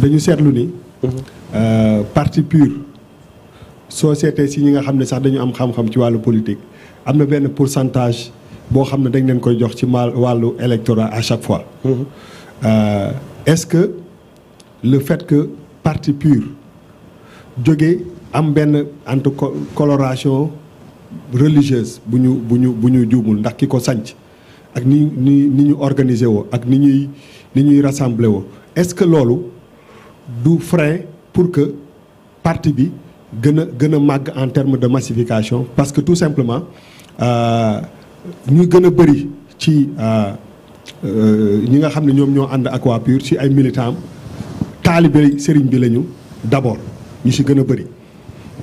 dañu seetlu ni mhm. euh, parti pur soo seetee si ñi nga xam ne sax dañu am xam-xam ci wàllu politique am na benn pourcentage boo xam ne dañ leen koy jox ci ma wàllu électorat à chaque fois mhm. euh, est-ce que le fait que parti pur jóge am benn entre coloration religieuse bu ñu bu ñu bu ñu juumul ndax ki ko sanc ak ni ni ni ñu organiser woo ak ni ñuy ni ñuy rassembler woo est-ce que loolu du frein pour que parti bi gën a gën a màgg en termes de massification parce que tout simplement euh, ñu gën a bëri ci euh, euh, ñi nga xam ne ñoom ñoo ànd ak waa PUR ci ay militants am taalibe sëriñ bi lañu d'abord ñu ci gën a bëri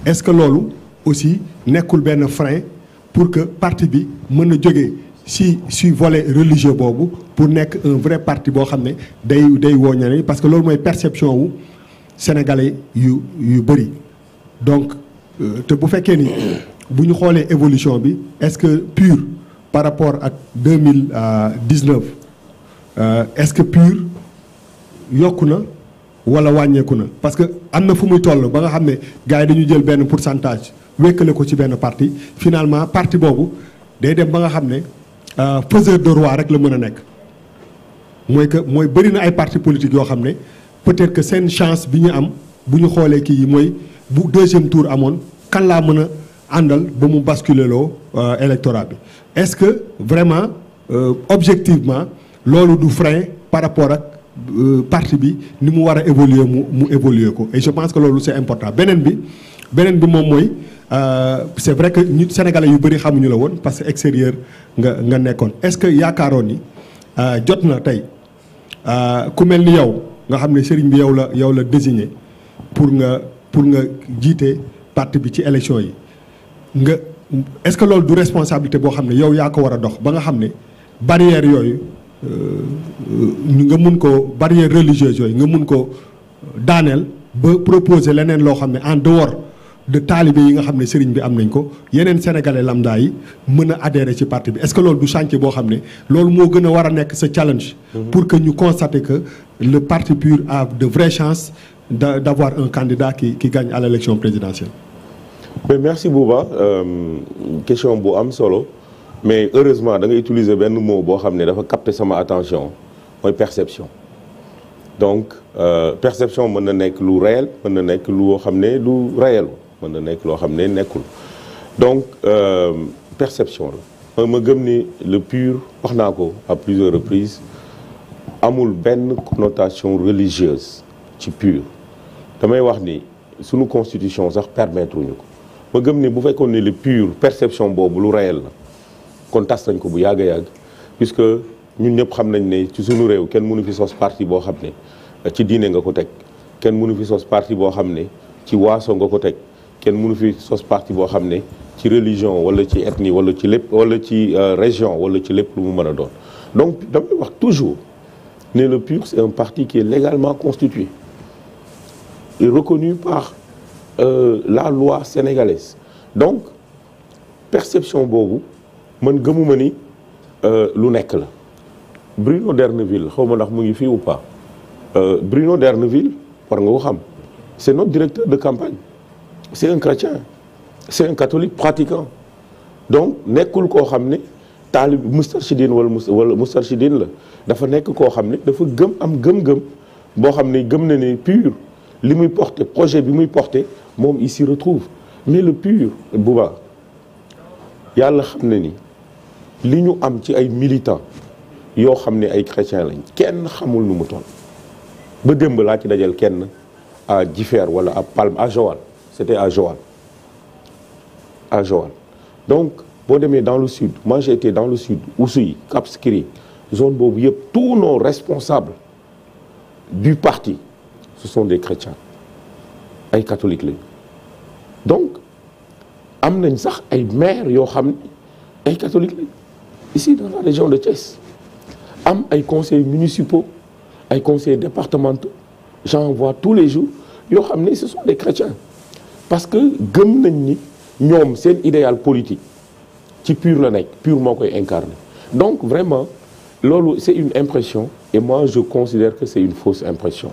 est-ce que loolu aussi nekkul benn frein pour que partie bi mën a jógee si si volet religieux boobu pour nekk un vrai parti boo xam ne day day woo ñeneen parce que loolu mooy perception wu sénégalais yu yu bëri donc euh, te bu fekkee ni bu ñu xoolee évolution bi est-ce que pur par rapport ak deux mille dix-neuf euh, est-ce que pur yokk na wala wàññeeku na parce que am na fu muy toll ba nga xam ne gars yi dañu jël benn pourcentage wékkale ko ci benn parti finalement parti boobu day dem ba nga xam ne. Euh, faiseur de roi rek la mën a nekk mooy que mooy bëri na ay parti politique yoo xam ne peut-être que seen chance bi ñu am bu ñu xoolee kii yi mooy bu deuxième tour amoon kan laa mën a àndal ba mu basculer loo euh, électorat bi est-ce que vraiment euh, objectivement loolu du frein par rapport ak parti bi ni mu war a évoluer mu mu évoluer ko et je pense que loolu c'est important beneen bi beneen bi moom mooy euh, c' est vrai que ñu sénégalais yu bëri xamuñu la woon parce que extérieur nga nga nekkoon est ce que yaakaaroon ni euh, jot na tey euh, ku mel ni yow nga xam ne sëriñ bi yow la yow la désigné pour nga pour nga jiite parti bi ci élection yi nga est ce que loolu du responsabilité boo xam ne yow yaa ko war a dox ba nga xam ne barrière yooyu nga mun ko barrière religieuse yooyu nga mun ko daaneel ba proposer leneen loo xam ne en dehors de taalibe yi nga xam ne sëriñ bi am nañ ko yeneen sénégalais lambda yi mën a adhérer ci parti bi est-ce que loolu du sance boo xam ne loolu moo gën a war a nekk sa challenge. Mhm. pour que ñu constater que le parti pur a de vraies chances d' d'avoir un candidat qui qui gagne à l' élection présidentielle. merci Bouba euh, question bu am solo mais heureusement da nga utiliser benn moo boo xam ne dafa capter sama attention mooy perception. donc euh, perception mën na nekk lu réel mën na nekk lu woo xam ne lu réel. mën na nekk loo xam ne nekkul donc euh, perception la euh, ma gëm ni le pur wax naa ko à plusieurs reprises amul benn connotation religieuse ci pur damay wax ni sunu constitution sax permettre ñu ko ma gëm ni bu fekkoon ni le pur perception boobu lu réel la kon tas nañ ko bu yàgg a que puisque ñun ñëpp xam nañ ne ci sunu réew kenn mënu fi sos parti boo xam ne ci diine nga ko teg kenn mënu fi sos parti boo xam ne ci waaso nga ko teg kenn mënu fi sos parti boo xam ne ci religion wala ci ethnie wala ci lépp wala ci euh, région wala ci lépp lu mu mën a doon donc damay wax toujours ne le PUR c'est un parti qui est légalement constitué et reconnu par euh, la loi sénégalaise donc perception boobu man gëmuma ni euh, lu nekk la Bruno Derneville xaw ma ndax mu ngi fii ou pas Bruno Derneville par nga ko xam c'est notre directeur de campagne c'est un chrétien c'est un catholique pratiquant donc nekkul koo xam ne taalib mustarchidine wala mus wala mustarchidine la dafa nekk koo xam ne dafa gëm am gëm-gëm boo xam ne gëm na ne pur li muy porté projet bi muy porté moom il s'y retrouve mais le pur Bouba yàlla xam ne ni li ñu am ci ay militants yoo xam ne ay chrétiens lañ kenn xamul nu mu toll ba démb laa ci dajal kenn à Jifeer wala à Palme à Joal c'était à Joal à Joal donc boo demee dans le sud moi j'ai été dans le sud Oussouye Cap zone boobu yëpp tous nos responsables du parti ce sont des chrétiens ay catholiques lañu donc am nañ sax ay maires yoo xam ne ay catholiques lañu ici dans la région de Thiès am ay conseils municipaux ay conseils départementaux j'en vois tous les jours yoo xam ne ce sont des chrétiens parce que gëm nañ ni ñoom seen idéal politique ci pur la nekk pur moo koy incarné donc vraiment loolu c'est une impression et moi je considère que c'est une fausse impression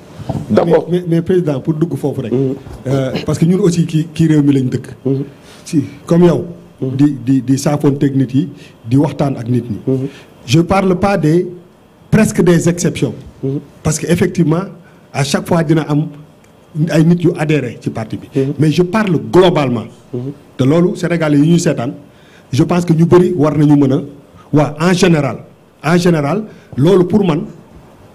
d'abord mais, président pour dugg foofu rek mm-hmm. euh, parce que ñun aussi ki kii réew mi lañ dëkk mm-hmm. si comme yow mm-hmm. di di di saafoonteeg nit yi di waxtaan ak nit ñi je parle pas des presque des exceptions parce que effectivement à chaque fois dina am ay nit yu adhéré ci parti bi. Mhm. mais je parle globalement. Mhm. te loolu Sénégalais yi ñuy seetaan je pense que ñu bëri war nañu mën a waa en général en général loolu pour man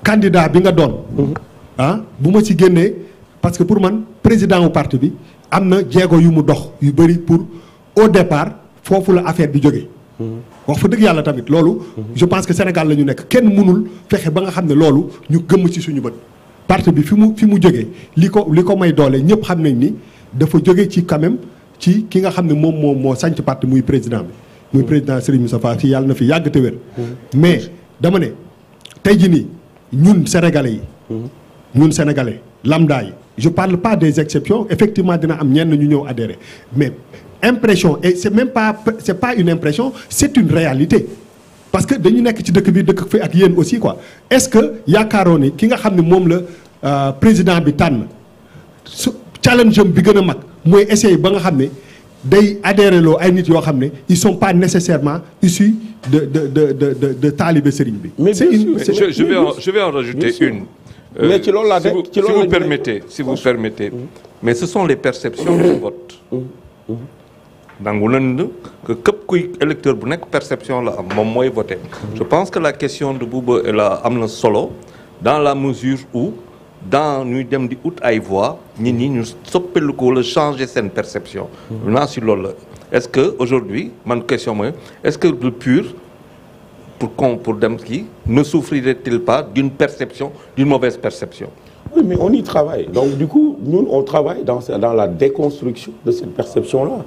candidat bi nga doon. Mhm. ah bu ma ci génnee parce que pour man président wu parti bi am na jéego yu mu dox yu bëri pour au départ foofu la affaire bi jóge wax fa dëgg yàlla tamit loolu. je pense que Sénégal la ñu nekk kenn mënul fexe ba nga xam ne loolu ñu gëmm ci suñu bët. parti bi fi mu fi mu jógee li ko li ko may doole ñëpp xam nañ ni dafa jóge ci quand ci ki nga xam ne moom moom moo sanc parti muy président bi. muy hmm. président Serigne Moustapha ci yàlla na fi yàgg te wér. Hmm. mais dama ne tey jii ni ñun sénégalais yi. Hmm. ñun sénégalais lambda yi. je parle pas des exceptions effectivement dina am ñenn ñu ñëw adhéré mais impression et c'est même pas c'est pas une impression c'est une réalité. parce que dañu nekk ci dëkk bi dëkk fi ak yéen aussi quoi est-ce que yaakaaroo ni ki nga xam ne moom la euh, président bi tànn su challenge bi gën a mag mooy essayer ba nga xam ne day adhéré loo ay nit yoo xam ne ils sont pas nécessairement issus de de de de de, de taalibe bi. mais en, je vais euh, ci loolu laa si vous si vous permettez si mm-hmm. mais ce sont les perceptions du vote. Mm-hmm. Mm-hmm. nangu leen que képp électeur bu nekk perception la am moom mooy voté je pense que la question de Bouba la am na solo dans la mesure où dans ñuy dem di ut ay voix nit ñi ñu soppelu ko wala seen perception naa si loolu la est-ce que aujourd'hui man question mooy est-ce que le pur pour qu'on pour dem kii ne souffrirait-il pas d'une perception d'une mauvaise perception oui mais on y travaille donc du coup ñun on travaille dans dans la déconstruction de cette perception là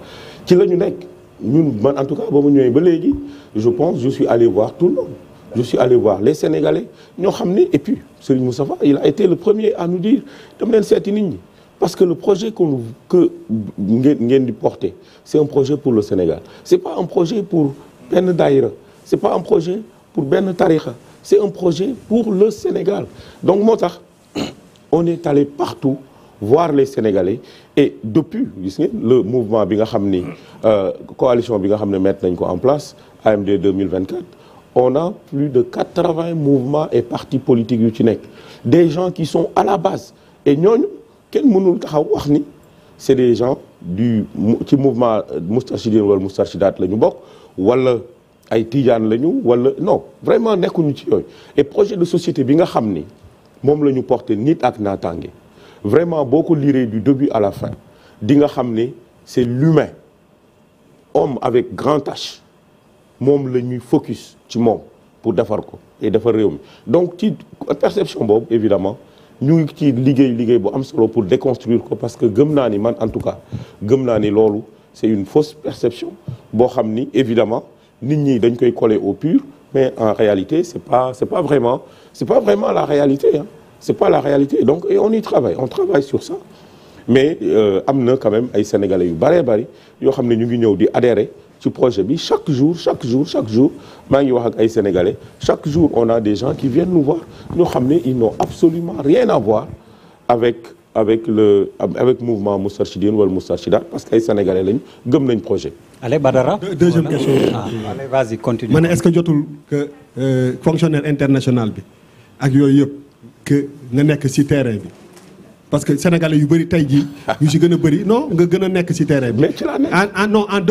ci la ñu nekk ñun man en tout cas ba mu ñëwee ba léegi je pense je suis allé voir tout le monde je suis allé voir les sénégalais ñoo xam ne et puis Serigne Moustapha il a été le premier à nous dire dem leen seeti nit ñi parce que le projet qu'on que ngeen ngeen di porter c'est un projet pour le Sénégal c'est pas un projet pour benn daïra c'est pas un projet pour benn tarixa c'est un projet pour le Sénégal donc moo tax on est allé partout voir les Sénégalais et depuis gis ngeen le mouvement bi nga xam ni euh, coalition bi nga xam ne mettre nañ ko en place AMD 2024 on a plus de quatre-vingts mouvements et partis politiques yu ci nekk des gens qui son à la base et ñooñu kenn mënul taxaw wax ni c'est des gens du ci mouvement euh, Moustarchidine wala Moustarchidat la ñu bokk wala ay Tidiane la ñu wala non vraiment nekkuñu ci yooyu et projet de société bi nga xam ni moom la ñu porté nit ak naataange vraiment boo ko liree du debut à la fin di nga xam ne c'est l'humain homme avec grand H moom la ñuy focus ci moom pour defar ko et defar réew mi donc ci perception boobu évidemment ñu ngi ci liggéey liggéey bu am solo pour déconstruire ko parce que gëm naa ni man en tout cas gëm naa ni loolu c'est une fausse perception boo xam ni évidemment nit ñi dañ koy coller au pur mais en réalité c'est pas c'est pas vraiment c'est pas vraiment la réalité hein c'est pas la réalité donc et on y travaille on travaille sur ça mais euh, am na quand ay sénégalais yu bëree bari yoo xam ne ñu ngi ñëw di adhérer ci projet bi chaque jour chaque jour chaque jour maa ngi wax ak ay sénégalais chaque jour on a des gens qui viennent nous voir ñoo xam ne ils n'ont absolument rien à voir avec avec le avec mouvement Moustarchidine wala Moustarchidat parce que ay sénégalais lañ gëm nañ projet. Allez Badara. deuxième voilà. question. Ah, allez vas-y ma ne est-ce que jotul que euh, fonctionnaire international bi ak yooyu yëpp. que nga nekk ci terrain bi parce que sénégalais yu bëri tey jii ñu ci gën a bëri non nga gën a nekk ci terrain bi. mais ci laa nekk